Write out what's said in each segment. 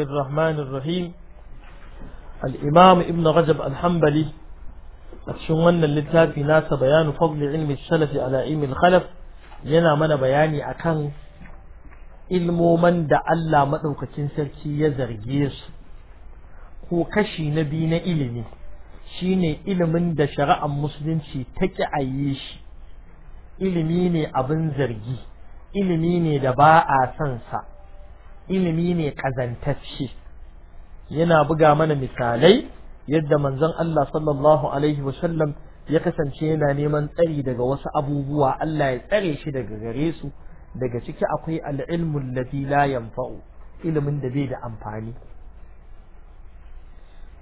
الرحمن الرحيم الإمام ابن رجب الحنبلي أتشون للتافي ناس بيان فضل علم السلف على علم الخلف yana mana bayani akan ilmoman da Allah maɗaukacin sarki ya zarge su ko kashi na biyu na ilimi shine ilimin da shari'ar musulunci ta ƙi shi ilimi ne abin zargi ilimi ne da ba a son sa ilimi ne kazantacce yana buga mana misalai yadda manzon Allah sallallahu alaihi wasallam ya kasance yana neman tsari daga wasu abubuwa Allah ya tsare shi daga gare su daga ciki akwai al'ilmu alladhi la yanfa'u ilimin da bai da amfani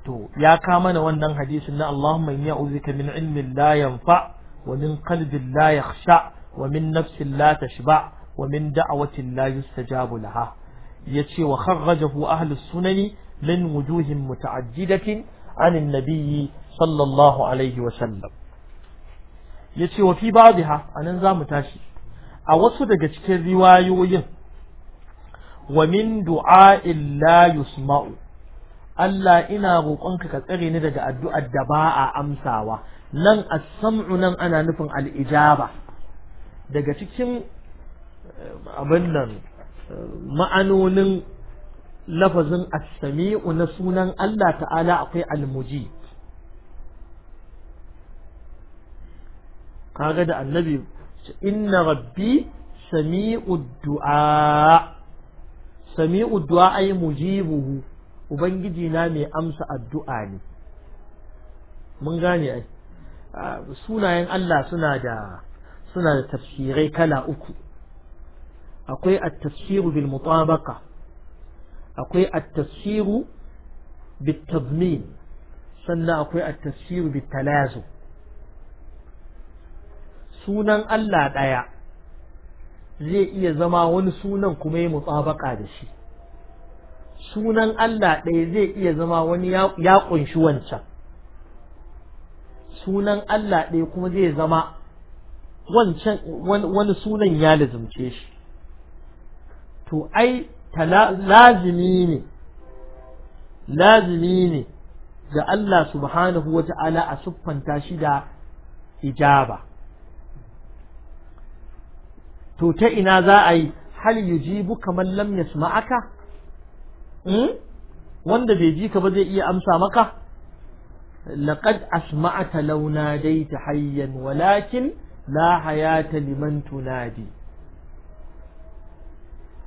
to ya ka mana wannan hadisin na Allahumma inni a'udhuka min ilmin la yanfa wa min qalbin la yakhsha wa min nafsin la tashba wa min da'awatin la yustajabu laha yace wa kharrajahu ahlus sunani min wujuhin muta'addidatin عن النبي صلى الله عليه وسلم yace wa fi ba'dha anan zamu tashi a wasu daga cikin riwayoyin wa min du'a la yusma'u Allah ina roƙonka ka tsare ni daga addu'ar da ba a amsawa nan as-sam'u nan ana nufin al-ijaba daga cikin abin nan ma'anonin lafazin as-sami'u na sunan Allah ta'ala akwai al kaga da annabi inna rabbi sami'u du'a sami'u du'a ay mujibuhu ubangiji na mai amsa addu'a ne mun gane ai ah, sunayen Allah suna da suna da tafsirai kala uku akwai at tasiru bil mutabaqa akwai at tasiru bil tadmin sannan akwai at tasiru bil talazu sunan Allah daya zai iya zama wani sunan kuma ya mutabaka da shi sunan Allah ɗaya zai iya zama wani ya ƙunshi wancan sunan Allah ɗaya kuma zai zama wancan wani sunan ya lazumce shi to ai lazimi ne lazimi ne ga Allah subhanahu wa ta'ala a siffanta shi da ijaba to ta ina za a yi hal yujibu kamar lam yasma'aka hmm? wanda bai ji ka ba zai iya amsa maka laqad asma'ata dai ta hayyan walakin la hayata liman tunadi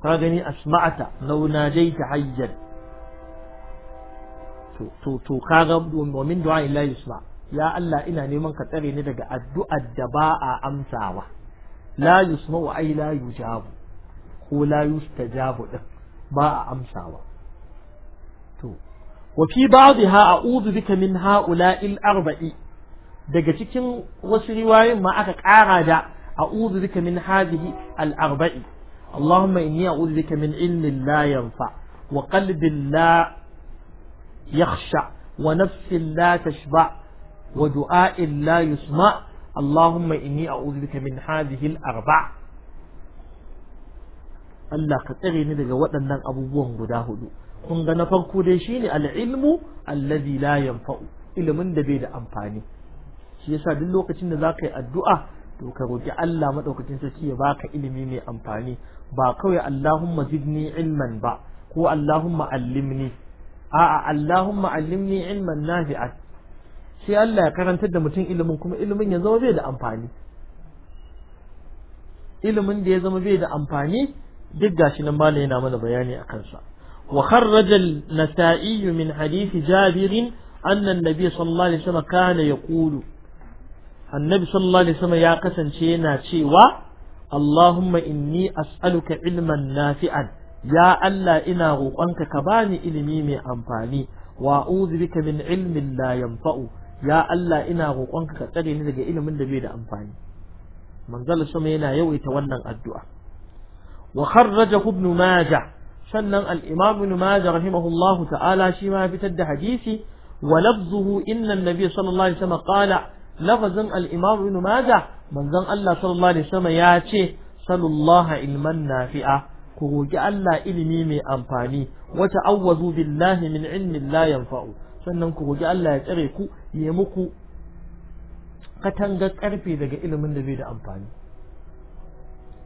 ka gani asma'ata law najaita hayyan to to to kaga domin du'a illa yusma ya Allah ina neman ka tsare ni daga addu'a da ba a amsawa la yusma wa ai la yujabu ko la yustajabu din ba a amsawa to wa fi ba'dha a'udhu bika min ha'ula'il arba'i daga cikin wasu riwayoyin ma aka ƙara da a'udhu bika min hadhihi al-arba'i اللهم إني أعوذ بك من علم لا ينفع وقلب لا يخشع ونفس لا تشبع ودعاء لا يسمع اللهم إني أعوذ بك من هذه الأربع Allah ka tsare ni daga waɗannan abubuwan guda hudu kun ga na farko dai shine ne al'ilmu allazi la yanfa'u ilimin da bai da amfani shi yasa duk lokacin da zaka yi addu'a to ka roki Allah madaukakin sarki ya baka ilimi mai amfani ba kawai Allahumma zidni ilman ba ko Allahumma allimni a'a Allahumma allimni ilman nafi'an sai Allah ya karantar da mutum ilimin kuma ilimin ya zama bai da amfani ilimin da ya zama bai da amfani duk gashi nan malam yana mana bayani akan sa wa kharraja an-nasa'i min hadith Jabir anna an-nabiy sallallahu alaihi wasallam kana yaqulu annabi sallallahu alaihi wasallam ya kasance yana cewa Allahumma inni as'aluka ilman nafi'an ya Allah ina roƙonka ka bani ilimi mai amfani wa a'udhu bika min ilmin la yanfa'u ya Allah ina roƙonka ka tsare ni daga ilimin da bai da amfani manzal sama yana yawaita wannan addu'a wa kharrajahu ibn majah sannan al-imam ibn majah rahimahullahu ta'ala shi ma fitar da hadisi wa lafzuhu inna an-nabiy sallallahu alaihi wasallam qala lafazin al inu ibn majah manzon Allah sallallahu alaihi wasallam ya ce sallallahu ilman nafi'a ku roƙi Allah ilimi mai amfani wata ta'awwazu billahi min ilmin layan yanfa'u sannan ku roƙi Allah ya tsare ku ya muku katangar ƙarfe daga ilimin da bai da amfani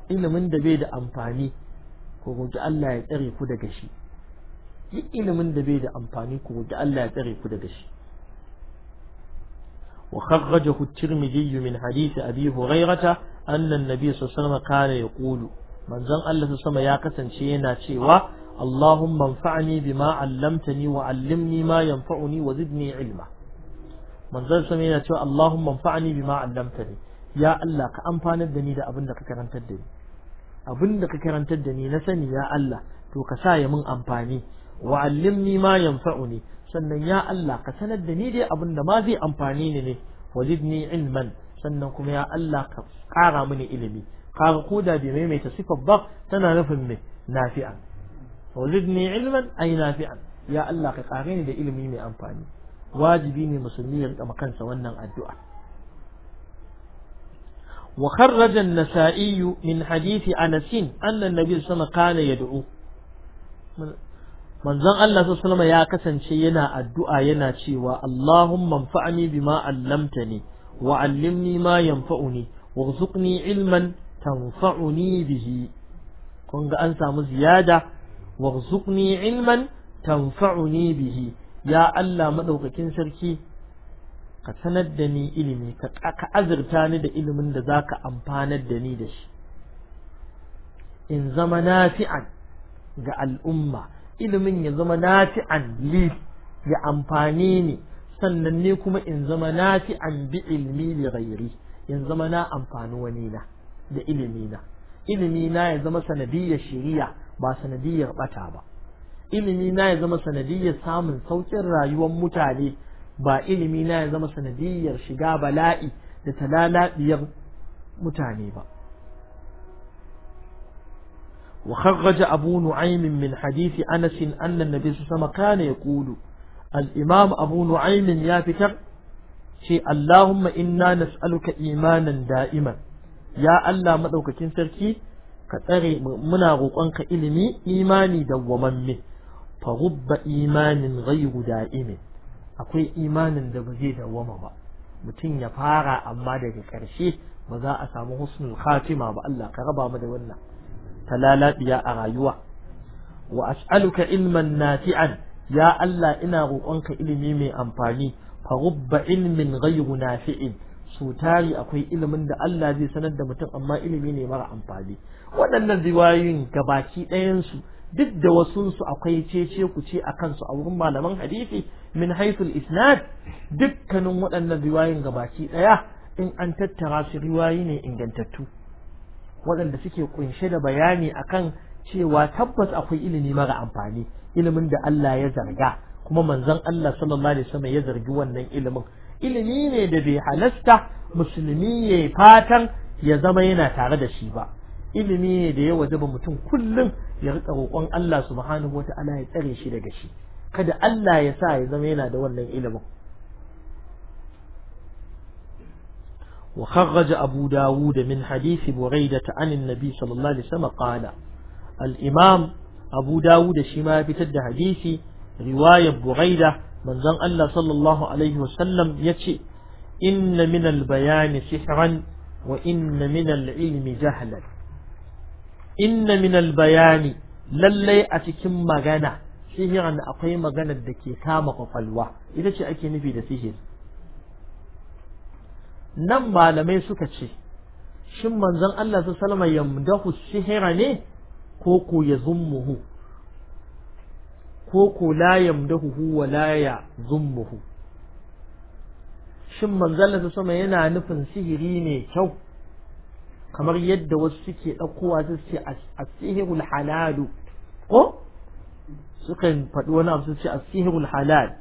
ilimin da bai da amfani ku roƙi Allah ya tsare ku daga shi yi ilimin da bai da amfani ku roƙi Allah ya tsare ku daga shi وخرجه الترمذي من حديث أبي هريرة أن النبي صلى الله عليه وسلم كان يقول من زن الله سما يا قسن شينا شيوا اللهم انفعني بما علمتني وعلمني ما ينفعني وزدني علما من زن سما يا شيوا اللهم انفعني بما علمتني يا الله كأنفان الدني دا أبن دك كرنت الدني أبن دك كرنت الدني نسني يا الله تو كسايا من أنفاني وعلمني ما ينفعني sannan ya Allah ka sanar da ni dai abin da ma zai amfani ni ne wazidni ilman sannan kuma ya Allah ka ƙara mini ilimi kaga koda bai maimaita sifar ba tana nufin me nafi'an wazidni ilman ay nafi'an ya Allah ka ni da ilimi mai amfani wajibi ne musulmi ya rika kansa wannan addu'a wa kharraja an-nasa'i min hadisi Anas an-nabi sallallahu alaihi wasallam kana yad'u manzon Allah sallallahu ya kasance yana addu'a yana cewa Allahumma anfa'ni bima 'allamtani wa 'allimni ma yanfa'uni warzuqni ilman tanfa'uni bihi kun ga an samu ziyada warzuqni ilman tanfa'uni bihi ya Allah madaukakin sarki ka sanar da ni ilimi ka azurta ni da ilimin da zaka amfanar da ni da shi in zama nafi'an ga al'umma ilimin ya zama nafi'an li ya amfani ni sannan ne kuma in zama nafi'an bi ilmi li ghairi in zama na amfani wani na da ilimi na ilimi na ya zama sanadiyar shari'a ba sanadiyar bata ba ilimi na ya zama sanadiyar samun saukin rayuwar mutane ba ilimi na ya zama sanadiyar shiga bala'i da talalabiyar mutane ba وخرج أبو نعيم من حديث أنس أن النبي صلى الله عليه وسلم كان يقول الإمام أبو نعيم يا فكر شيء اللهم إنا نسألك إيمانا دائما يا الله مدوك كنسركي كتري منا غقنك إلمي إيماني دوممي فغب إيمان غير دائم akwai imanin da ba zai dawwama ba mutum ya fara amma daga ƙarshe ba za a samu husnul khatima ba Allah ka raba mu da wannan ta lalabiya a rayuwa wa as'aluka ilman nafi'an ya Allah ina roƙonka ilimi mai amfani fa rubba ilmin ghayru nafi'in su tari akwai ilimin da Allah zai sanar da mutum amma ilimi ne mara amfani waɗannan riwayoyin gabaki ɗayan su duk da wasunsu akwai cece ku ce a kansu a wurin malaman hadisi min haithul isnad dukkanin waɗannan riwayoyin gabaki ɗaya in an tattara su riwayi ne ingantattu waɗanda suke kunshe da bayani akan cewa tabbas akwai ilimi mara amfani ilimin da Allah ya zarga kuma manzon Allah sallallahu alaihi wasallam ya zargi wannan ilimin ilimi ne da bai halasta musulmi ya fatan ya zama yana tare da shi ba ilimi ne da ya ba mutum kullum ya rika roƙon Allah subhanahu wata'ala ya tsare shi daga shi kada Allah ya sa ya zama yana da wannan ilimin وخرج أبو داود من حديث بريدة عن النبي صلى الله عليه وسلم قال الإمام أبو داود شما بتد حديثي رواية بريدة من زن الله صلى الله عليه وسلم يتشي إن من البيان سحرا وإن من العلم جهلا إن من البيان للي أتكم مغانا sihiran akwai maganar da ke kama kwakwalwa ita ce ake nufi da sihir nan malamai suka ce shin manzon Allah su salama hu sihira ne ko ko ya zummuhu ko ko la hu wa la ya zummuhu shin manzon Allah su yana nufin sihiri ne kyau kamar yadda wasu suke ɗaukowa su ce asihirul halalu ko sukan faɗi wani abu su ce asihirul halal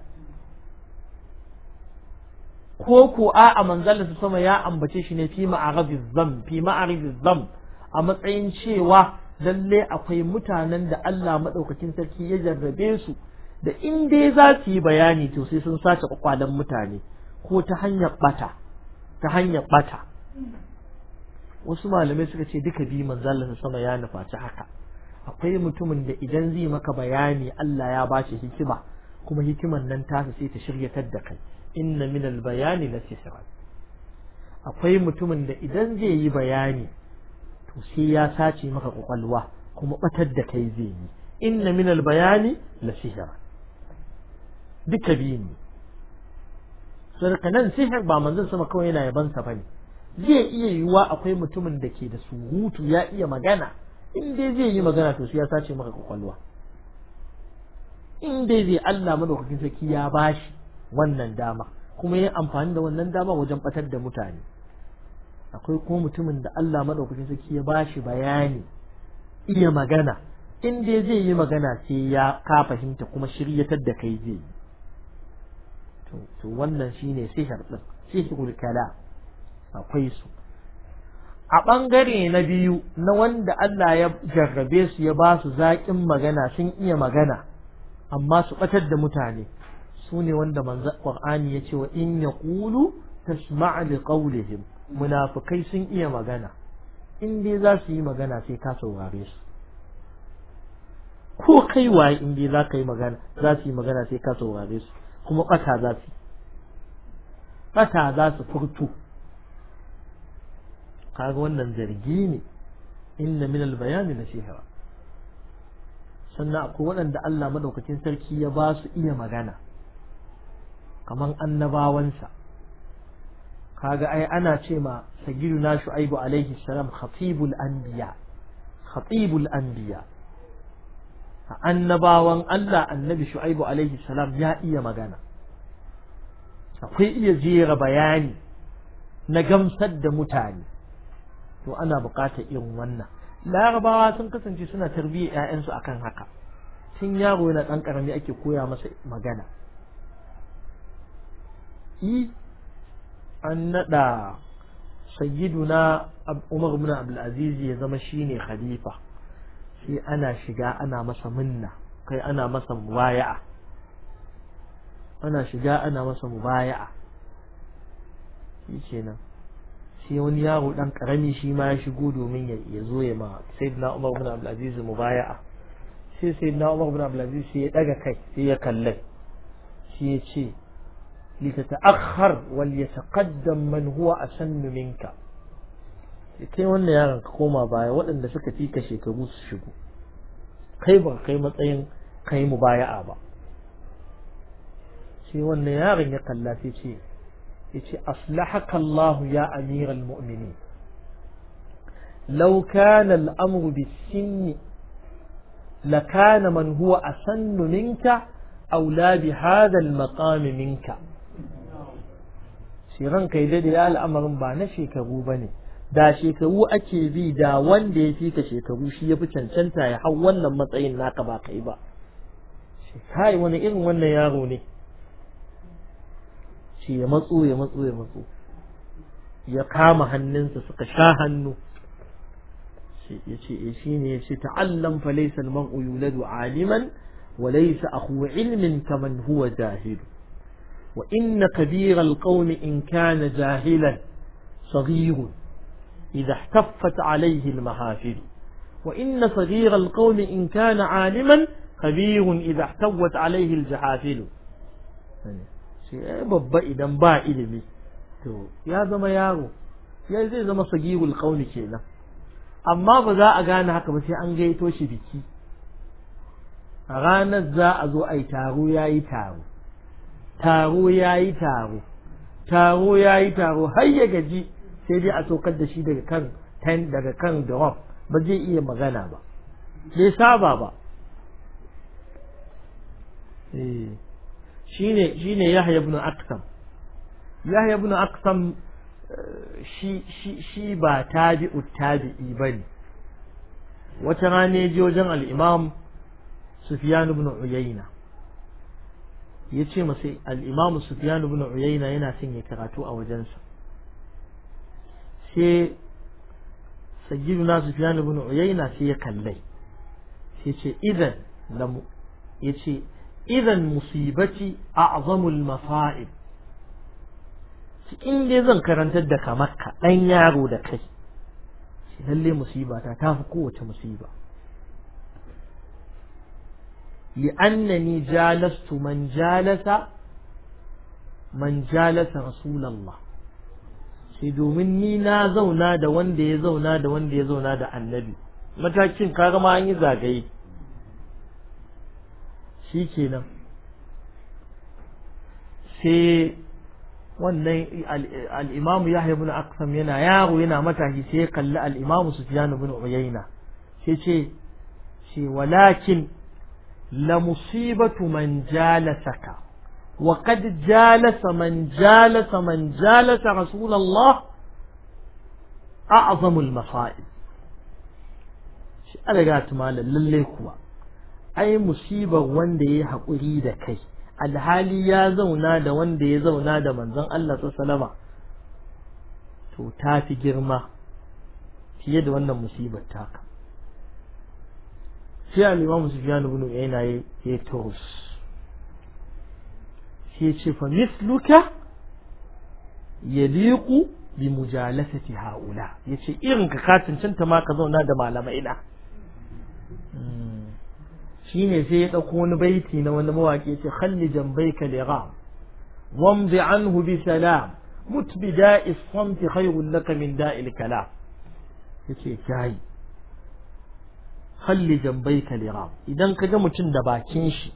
ko ko a manzalin Allah sama ya ambace shi ne fi ma'arifiz zam fi ma'arifiz zam a matsayin cewa lalle akwai mutanen da Allah madaukakin sarki ya jarrabe su da in dai za su yi bayani to sai sun sace kwakwalan mutane ko ta hanyar bata ta hanyar bata wasu malamai suka ce duka bi manzon sama ya nufaci haka akwai mutumin da idan zai maka bayani Allah ya bashi hikima kuma hikiman nan ta sai ta shiryatar da kai inna min bayani la sihran akwai mutumin da idan zai yi bayani to sai ya sace maka kwakwalwa kuma batar da kai zai yi inna min bayani la sihran duka biyu ne sarka nan sihir ba manzon sama kawai yana yabansa bane zai iya yiwuwa akwai mutumin da ke da surutu ya iya magana in dai zai yi magana to ya sace maka kwakwalwa in dai zai Allah madaukakin sarki ya bashi wannan dama kuma yin amfani da wannan dama wajen batar da mutane akwai kuma mutumin da Allah madaukakin sarki ya bashi bayani iya magana in dai zai yi magana sai ya ka fahimta kuma shiryatar da kai zai to to wannan shine sihir din sihirul kala akwai su a bangare na biyu na wanda Allah ya jarrabe su ya ba su zaƙin magana sun iya magana amma su batar da mutane su ne wanda manzo Qur'ani ce wa in yaqulu tasma' li qawlihim munafikai sun iya magana in dai za su yi magana sai ka saurare su ko kai waye in dai za ka yi magana za su yi magana sai ka saurare su kuma ɓata za su ɓata za su furto kaga wannan zargi ne inna min albayani na shehara sannan akwai waɗanda Allah madaukakin sarki ya ba su iya magana kaman annabawansa kaga ai ana ce ma na shu'aibu alaihi salam khatibul anbiya khatibul anbiya annabawan Allah annabi shu'aibu alaihi salam ya iya magana akwai iya jera bayani na gamsar da mutane to ana bukatar irin wannan larabawa sun kasance suna tarbiyyar 'ya'yansu akan haka tun yaro yana ɗan ƙarami ake koya masa magana i an nada sayyiduna umar ibn abdul aziz ya zama shine khalifa sai ana shiga ana masa minna kai ana masa mubaya'a ana shiga ana masa mubaya'a shi kenan sai wani yaro dan karami shi ma ya shigo domin ya zo ya ma na umar ibn abdul aziz mubaya'a sai na umar ibn abdul aziz sai ya daga kai sai ya kalle sai ya ce لتتأخر وليتقدم من هو أسن منك كي وانا يارن كوما بايا وانا شكا فيك شي كبوس شكو قيمة قيمة اين قيم بايا ابا شي وانا يارن يقل لا في شي يتي أصلحك الله يا أمير المؤمنين لو كان الأمر بالسن لكان من هو أسن منك أو لا بهذا المقام منك ce ranka ya da al'amarin ba na shekaru ba ne da shekaru ake bi da wanda ya fika shekaru shi ya fi cancanta ya hau wannan matsayin naka ba kai ba kai wani irin wannan yaro ne ce ya matso ya matso ya matso ya kama hannunsa suka sha hannu ya ce eh, shi ne ya ce ta'allam fa laysa al aliman wa laysa akhu ilmin kaman huwa jahilu وإن كبير القوم إن كان جاهلا صغير إذا احتفت عليه المحافل وإن صغير القوم إن كان عالما كبير إذا احتوت عليه الجحافل يعني يا زما يارو يا زي زما صغير القوم كينا أما بذا أغانا حقا بس أنجيتو شبكي أغانا زا أزو أي تارو يا أي تارو taro ya yi taro taro ya yi taro har ya gaji sai dai a saukar da shi daga kan ten daga kan drop ba zai iya magana ba bai saba ba eh. shine shine Yahya ibn Aqsam Yahya ibn Aqsam eh, shi shi shi ba tabi'u tabi'i bane wata rana je wajen al-Imam Sufyan ibn Uyayna ya ce masa al'imamu Sufyan bin Uyayna yana son ya karatu a wajensa sai na sufiyanu bin Uyayna sai ya kallai sai ce idan mu ya ce idan a a'zamul mafa’in in dai zan karantar da kamar ka ɗan yaro da kai lalle musibata ta fi kowace musiba li'annani jalastu man jalasa man jalasa rasulallah sai domin ni na zauna da wanda ya zauna da wanda ya zauna da annabi matakin kaga ma zagaye shi sai wannan al'imamu ya haibu na aksam yana yaro yana matashi sai ya kalli al'imamu su fiya nubin uyayna sai ce ce walakin لمصيبة من جالسك وقد جالس من جالس من جالس رسول الله أعظم المصائب أنا قالت مالا لليكوا أي مصيبة وندي حقوري دكي alhali ya zauna da wanda ya zauna da manzon Allah ta salama to ta fi girma fiye da wannan musibar taka sai al-imam nuna yana yi ya turus sai ya ce fa misluka yaliqu bi mujalasati haula ce irin ka katin cancanta ma ka zauna da malamai na hmm. shine sai ya ɗauko wani baiti na wani mawaki ce halli jambai ka lera wamdi an bi salam mutu bi da'i samt laka min da'i ya ce yace kai halli jambai kalira idan ka ga mutum da bakin shi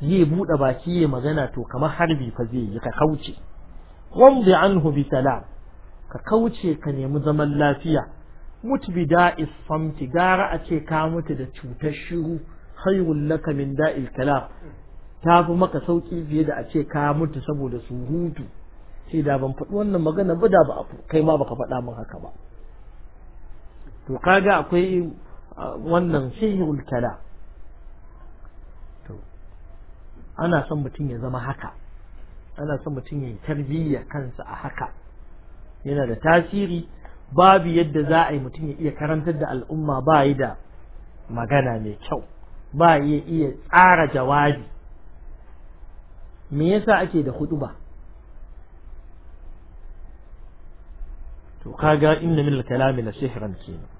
zai buɗe baki ya magana to kamar harbi fa zai yi ka kauce wamdi anhu bi salam ka kauce ka nemi zaman lafiya mutu bi da'is samti gara a ce ka mutu da cutar shiru khairul laka min da'il kalam ta fi maka sauki fiye da a ce ka mutu saboda surutu sai da ban faɗi wannan magana ba da ba kai ma baka faɗa min haka ba to kaga akwai wannan sihirul kala to ana son mutum ya zama haka ana son mutum ya yi tarbiyya kansa a haka yana da tasiri babu yadda za a yi mutum ya iya karantar da al'umma ba yi da magana mai kyau ba iya iya tsara jawabi me yasa ake da hudu ba to kaga inna min al-kalami la sihran kenan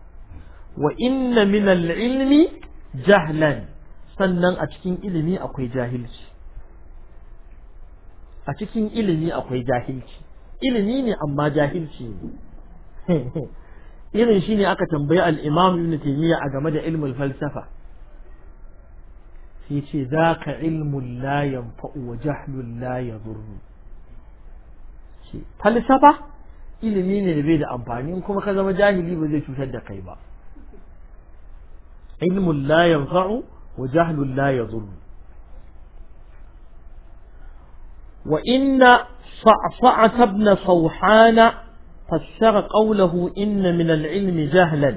wa inna min ilmi jahlan sannan a cikin ilimi akwai jahilci a cikin ilimi akwai jahilci ilimi ne amma jahilci ne irin shine aka tambayi al ibn a game da ilmul falsafa sai ce zaka ilmun la yanfa'u wa jahlun la falsafa ilimi ne da bai da amfani kuma ka zama jahili ba zai cutar da kai ba ilmun la yanfa'u wa jahlun la yadhurru wa inna صعصعة ابن صوحان فسر قوله إن من العلم جهلا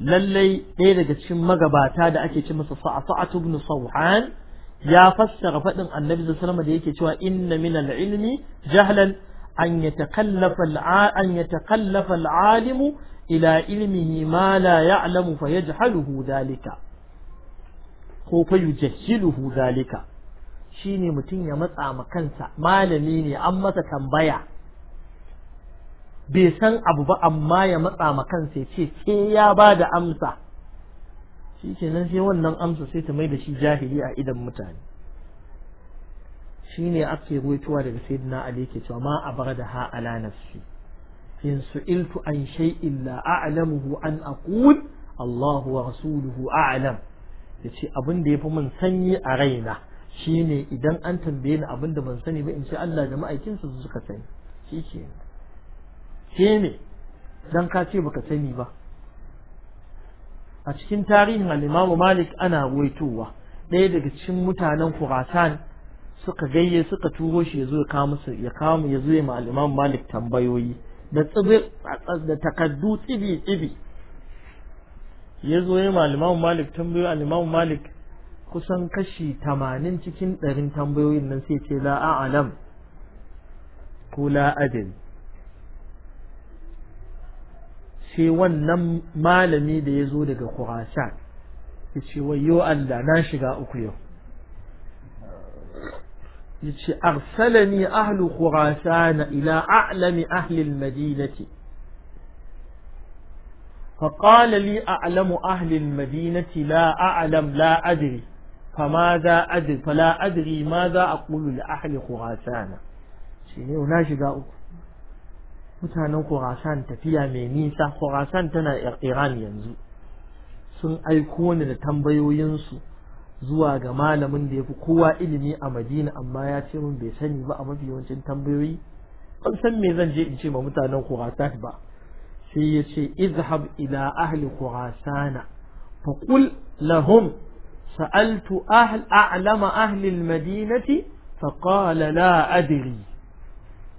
lallai ɗaya daga cikin magabata da ake ce masa sa'sa'atu ibn sawhan ya fassara faɗin annabi sallallahu da yake cewa inna min ilmi jahlan an yatakallafa an yatakallafa alimu ila ilmihi ma la ya'lamu fa yajhaluhu dalika ko fa yujahhiluhu dalika shine mutum ya matsa ma kansa malami ne an masa tambaya bai san abu ba amma ya matsa ma kansa ya ce sai ya bada amsa shi kenan sai wannan amsa sai ta mai da shi jahili a idan mutane shine ake ruwaitowa daga sayyidina ali ke cewa ma abara da ha ala nafsi in su'iltu an shay'in la a'lamuhu an aqul Allahu wa rasuluhu a'lam yace abin da yafi mun sanyi a raina shine idan an tambaye ni abin da ban sani ba in ce Allah da ma'aikinsa su suka sani shi ke ke ne dan ka ce baka sani ba a cikin tarihin al-Imam Malik ana waitowa ɗaya daga cikin mutanen Khurasan suka gayye suka turo shi ya zo ya kawo musu ya kawo ya zo ya ma al-Imam Malik tambayoyi da tsibir da takaddu tsibi tsibi ya zo ya ma alimamu malik tambayo alimamu malik kusan kashi tamanin cikin ɗarin tambayoyin nan sai ce la alam ko la adil sai wannan malami da ya zo daga kurashan ya ce wayo Allah na shiga uku yau يتشي أرسلني أهل خراسان إلى أعلم أهل المدينة فقال لي أعلم أهل المدينة لا أعلم لا أدري فماذا أدري فلا أدري ماذا أقول لأهل خراسان شيني وناشي قاوك mutanen Khorasan tafiya mai nisa Khorasan tana Iran yanzu sun aiko ni zuwa ga malamin da ya fi kowa ilimi a madina amma ya ce min bai sani ba a mafi yawancin tambayoyi ban san me zan je in ce ma mutanen khurasan ba sai ya ce izhab ila ahli kurasana, fa qul lahum sa'altu ahl a'lama ahli al-madinati fa qala la adri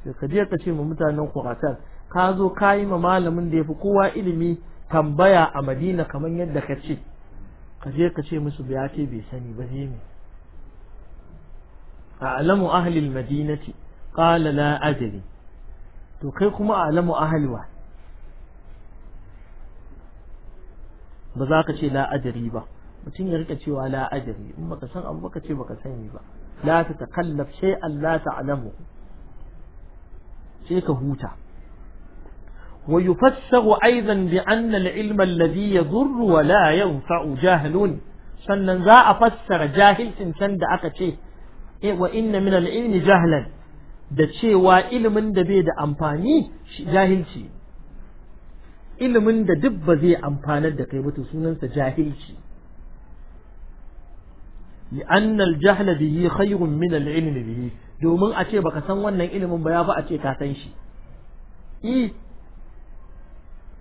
sai ka je ka ce ma mutanen khurasan ka zo ka yi ma malamin da ya fi kowa ilimi tambaya a madina kamar yadda ka ce ka je ka ce musu ya ce bai sani ba sai a a'lamu ahli madinati qala to kai kuma a'lamu ahli wa ba za ka ce la ba mutum ya rika cewa la adri in baka san abu baka ce baka sani ba la ta takallaf shay'an la ta'lamu sai ka huta ويفسر أيضا بأن العلم الذي يضر ولا ينفع جاهل sannan za a fassara jahilcin can da aka ce wa inna min al-ilmi da cewa ilimin da bai da amfani shi jahilci ilimin da duk ba zai amfanar da kai ba sunansa jahilci لأن الجهل به خير min العلم به domin a ce baka san wannan ilimin ba ya fi a ce ka san shi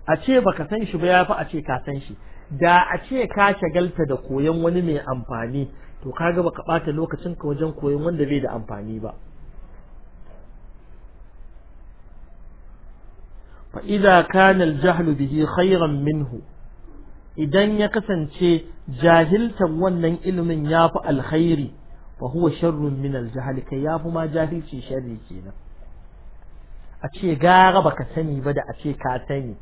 a ce baka san shi ba ya fi a ce ka san shi da a ce ka shagalta da koyon wani mai amfani to ka ga baka bata lokacin ka wajen koyon wanda bai da amfani ba fa idza kana al bihi khayran minhu idan ya kasance jahiltan wannan ilimin yafi alkhairi fa huwa sharrun min al-jahl kai yafi ma jahilci sharri kenan a ce gara baka sani ba da a ce ka sani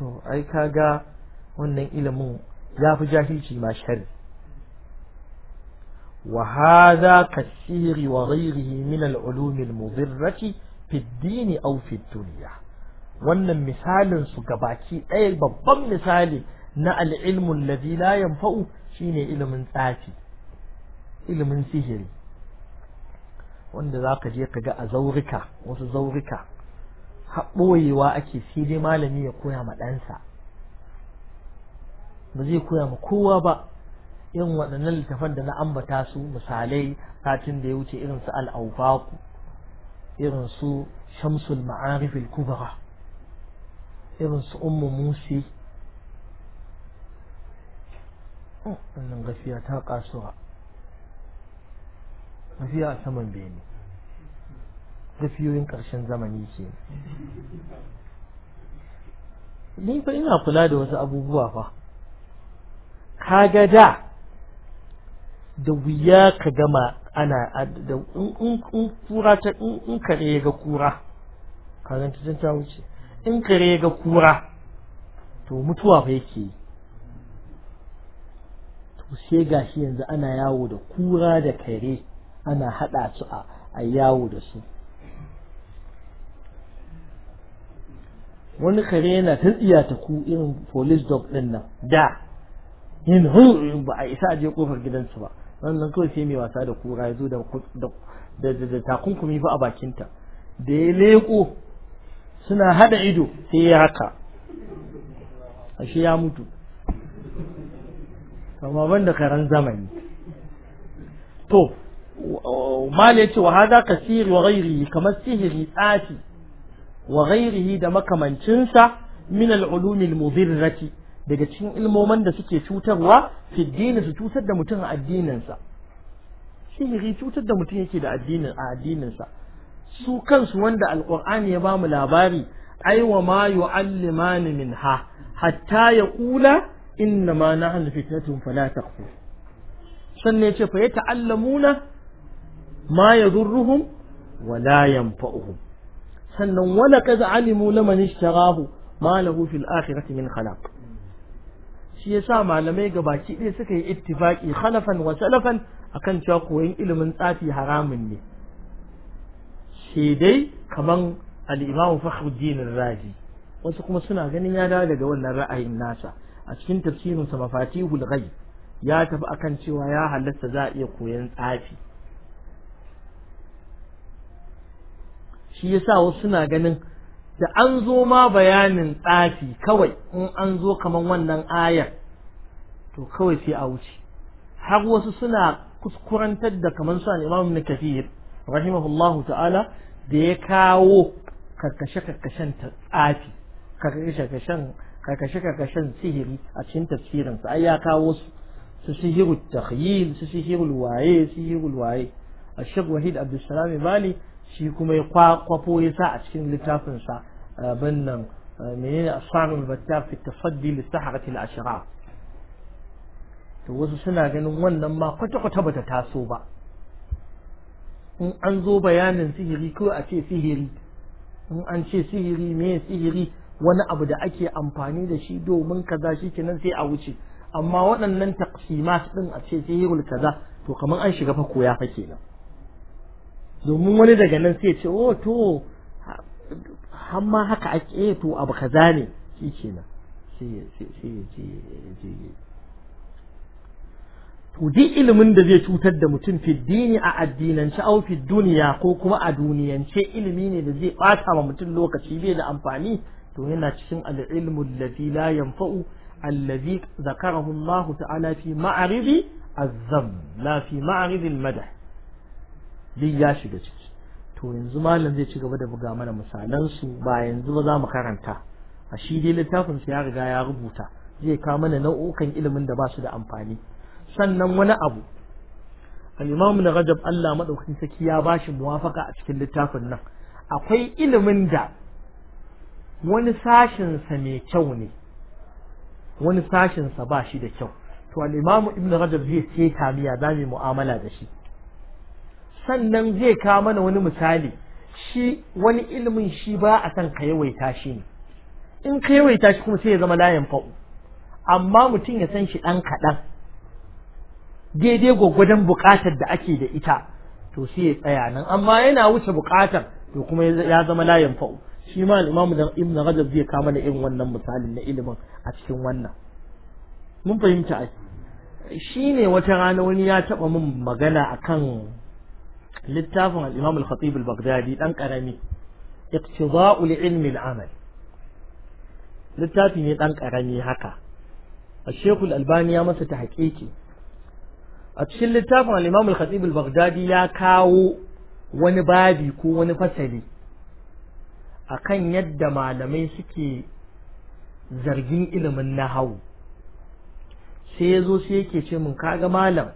to ai kaga wannan ilimin ya fi jahilci ma shari wa hadha kasiri wa ghayrihi min al-ulum al-mudirrati fi ad-din aw fi ad-dunya wannan misalin su gabaki ɗaya babban misali na al-ilmu alladhi la yanfa'u shine ilimin tsafi ilimin sihiri wanda zaka je kaga a zaurika wasu zaurika haɓoyewa ake sai dai malami ya koya ma ɗansa ba zai koya ma kowa ba irin waɗannan littafan da na ambata su misalai satin da ya wuce irin su al'aubaku irin su shamsul ma'arifil kubra irin su ummu musi oh, wannan gafiya ta kasuwa gafiya a saman bene rufiyoyin ƙarshen zamani ke ni fa ina kula da wasu abubuwa fa kaga da da wuya ka gama ana da in kura ta in kare ga kura kagan ta ta wuce in kare ga kura to mutuwa fa yake to sai gashi yanzu ana yawo da kura da kare ana haɗa su a yawo da su wani kare yana ta tsiya ta ku irin police dog din nan da yin hu ba a isa a je kofar gidansu ba wannan kawai sai mai wasa da kura ya zo da takunkumi fa a bakinta da ya leko suna hada ido sai ya haka ashe ya mutu amma banda karan zamani to mal yace wa hada kasiri wa ghairi kamar sihiri tsafi wa ghairihi da makamancinsa min al-ulum daga cikin ilmoman da suke cutarwa fi dini su cutar da mutum a addininsa sihiri cutar da mutum yake da addini a addininsa su kansu wanda alqur'ani ya bamu labari ai wa ma yu'allimani minha hatta yaqula inna ma nahnu fitnatun fala taqfu sannan yace fa ta'allamuna ma yadurruhum wala yanfa'uhum sannan wala kaza alimu laman sharahu ma lahu fil akhirati min khalaq shi yasa malamai ga baki ɗaya suka yi ittifaki khalafan wa salafan akan cewa koyon ilimin tsafi haramun ne Shaidai dai kaman al-Imam Fakhruddin Razi wasu kuma suna ganin ya dawo daga wannan ra'ayin nasa a cikin tafsirinsa mafatihul ghaib ya tafi akan cewa ya halatta za a iya koyon tsafi shi yasa wasu suna ganin da an zo ma bayanin tsafi kawai in an zo kaman wannan ayar to kawai sai a wuce har wasu suna kuskurantar da kaman su al-Imam Ibn Kathir rahimahullahu ta'ala da ya kawo karkashe-karkashen tsafi karkashe-karkashen sihiri a cikin tafsirinsa ai ya kawo su su sihiru takhyil su sihiru waye sihiru waye الشيخ وحيد عبد السلام shi kuma ya kwakwafo ya sa a cikin littafinsa. sa eh, abin nan eh, menene asanul battar fi tasaddi li saharatil ashraf to wasu suna ganin wannan ma kwata-kwata bata taso ba in an zo bayanin sihiri ko a ce sihiri in an ce sihiri me sihiri wani abu da ake amfani da shi domin kaza shi kenan sai a wuce amma waɗannan taqsimat ɗin a ce sihirul kaza to kamar an shiga fa koya fa kenan domin wani daga nan sai ce o oh, to hamma haka ake eh, to abu kaza ne shi kenan sai ya je to duk ilimin da zai cutar da mutum fiddini a addinance au duniya ko kuma a duniyance ilimi ne da zai bata wa mutum lokaci bai da amfani to yana cikin al-ilmu allazi la yanfa'u allazi zakarahu Allah ta'ala fi ma'aridi az-zam la fi ma'aridi al duk ya shiga ciki to yanzu malam zai ci gaba da buga mana misalan su ba yanzu ba za mu karanta a shi dai littafin sa ya riga ya rubuta zai kawo mana nau'ukan ilimin da ba su da amfani sannan wani abu al-imam Ibn rajab Allah madaukakin saki ya bashi muwafaka a cikin littafin nan akwai ilimin da wani sashin sa mai kyau ne wani sashin sa ba shi da kyau to al-imam ibn rajab zai ce miya zai mu'amala da shi sannan zai kawo mana wani misali shi wani ilimin shi ba a san ka yawaita shi ne in ka yawaita shi kuma sai ya zama layin fa'u amma mutum ya san shi ɗan kaɗan daidai gwaggwadon buƙatar da ake da ita to sai ya tsaya nan amma yana wuce buƙatar to kuma ya zama layin fa'u shi ma imamu da ibn rajab zai kama mana irin wannan misalin na ilimin a cikin wannan mun fahimta shi ne wata rana wani ya taɓa min magana akan littafin al al-Khatib al-Baghdadi dan karami iqtida'u li-ilmi al-amal littafi ne ɗan ƙarami haka A shekul albani ya masa tahqiqi a cikin littafin al-Imam al-Khatib al-Baghdadi ya kawo wani babi ko wani fasali kan yadda malamai suke zargin ilimin nahawu sai ya zo sai yake ce mun kaga malam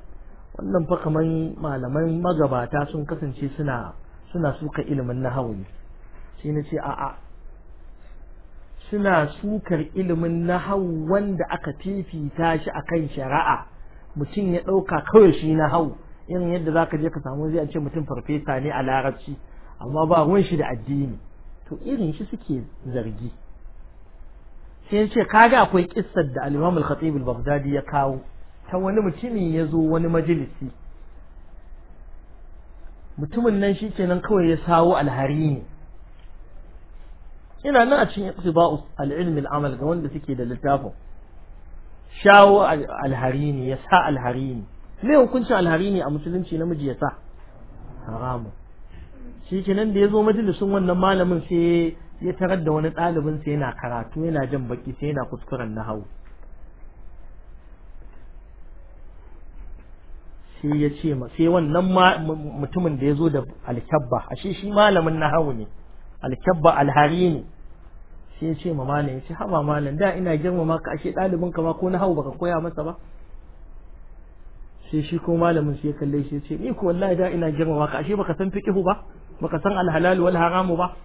wannan fa kaman malaman magabata sun kasance suna suna suka ilimin nahawu ne Shi na ce a'a suna sukar ilimin nahawu wanda aka fifita shi akan shari'a mutum ya ɗauka kawai shi nahawu irin yadda zaka je ka samu zai ce mutum farfesa ne a larabci amma ba ruwan shi da addini to irin shi suke zargi sai ce kaga akwai kissar da al-Imam al-Khatib al-Baghdadi ya kawo ta wani mutumi ya zo wani majalisi mutumin nan shi kenan kawai ya sawo alhari ne ina nan a cikin iqtiba'u al-ilm al-amal ga wanda suke da littafin shawo alhari ne ya sa alhari ne me hukuncin alhari ne a musulunci namiji ya sa haramu shi kenan da ya zo majalisin wannan malamin sai ya tarar da wani ɗalibin sai yana karatu yana jan baki sai yana kuskuren hau sai ya ce ma sai wannan mutumin da ya zo da alkyabba ashe shi malamin na nahawu ne alkyabba alhari ne sai ya ce ma malam ya ce haba malam da ina girmama ka ashe ɗalibin ka ma ko na nahawu baka koya masa ba sai shi ko malamin sai ya kalle shi ya ce ni ko wallahi da ina girmama ka ashe baka san fiqhu ba baka san alhalal wal haramu ba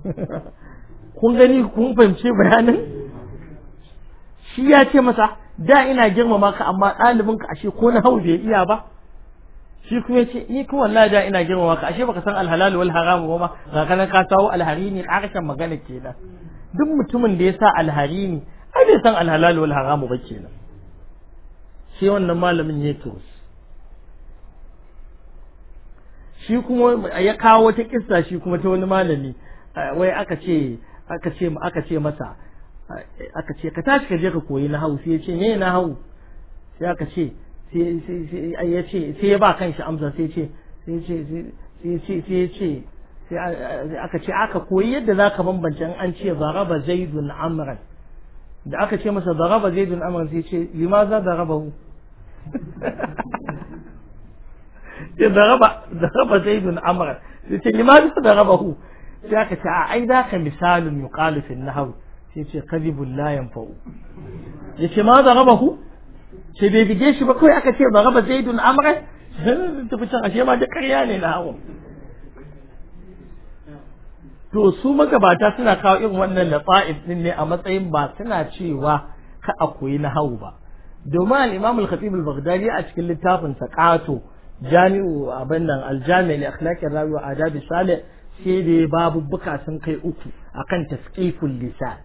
kun gani kun fahimce bayanin shi ya ce masa da ina girmama ka amma ɗalibin ka ashe ko na hau bai iya ba shi kuma yace ni kuma wallahi da ina girmama ka ashe baka san alhalal wal haram ba ma ga kana ka tawo alharimi karshen magana kenan duk mutumin da ya sa ne ai bai san alhalal wal haram ba kenan shi wannan malamin ya to shi kuma ya kawo wata kissa shi kuma ta wani malami wai aka ce aka ce aka ce masa aka ce ka tashi ka je ka koyi nahawu sai ya ce me nahawu sai aka ce sai ya ce sai ya ba kanshi amsa sai ce sai ce sai ce sai ce sai aka ce aka koyi yadda zaka bambance in an ce zaraba zaidun amran da aka ce masa zaraba zaidun amran sai ce limaza zarabahu ya zaraba zaraba zaidun amran sai ce limaza zarabahu sai aka ce a ai da ka misalin yuqalu fil nahwi sai ce kadhibul la yanfa'u yace ma rabahu ce bai bige shi ba kawai aka ce raba zaidun amran tafi can ashe ma da ƙarya ne na hawa. to su magabata suna kawo irin wannan fa'id din ne a matsayin ba suna cewa ka a koyi na hawu ba domin al-Imam al-Khatib al-Baghdadi a cikin littafin sa qato jami'u abin nan al-jami' li akhlaqi rawi wa adab salih sai dai babu buka sun kai uku akan tasqiful lisan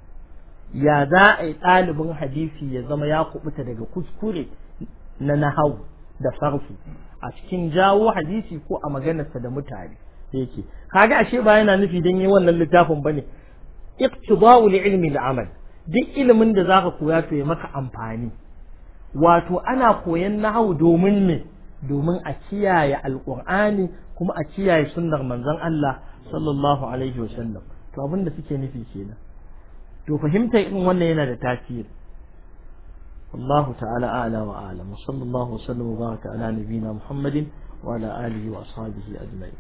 ya za a yi ɗalibin hadisi ya zama ya kubuta daga kuskure na nahau da farfi a cikin jawo hadisi ko a maganarsa da mutane yake kaga ashe ba yana nufi dan yi wannan littafin bane iqtida'u ilmi da amal duk ilimin da zaka koya to ya maka amfani wato ana koyan nahau domin me domin a kiyaye alqur'ani kuma a kiyaye sunnar manzon Allah sallallahu alaihi wasallam to abinda suke nufi kenan to fahimtar in wannan yana da tasiri Allahu ta'ala a'la wa a'la sallallahu wa sallam wa baraka ala nabiyyina muhammadin wa ala alihi wa ashabihi ajma'in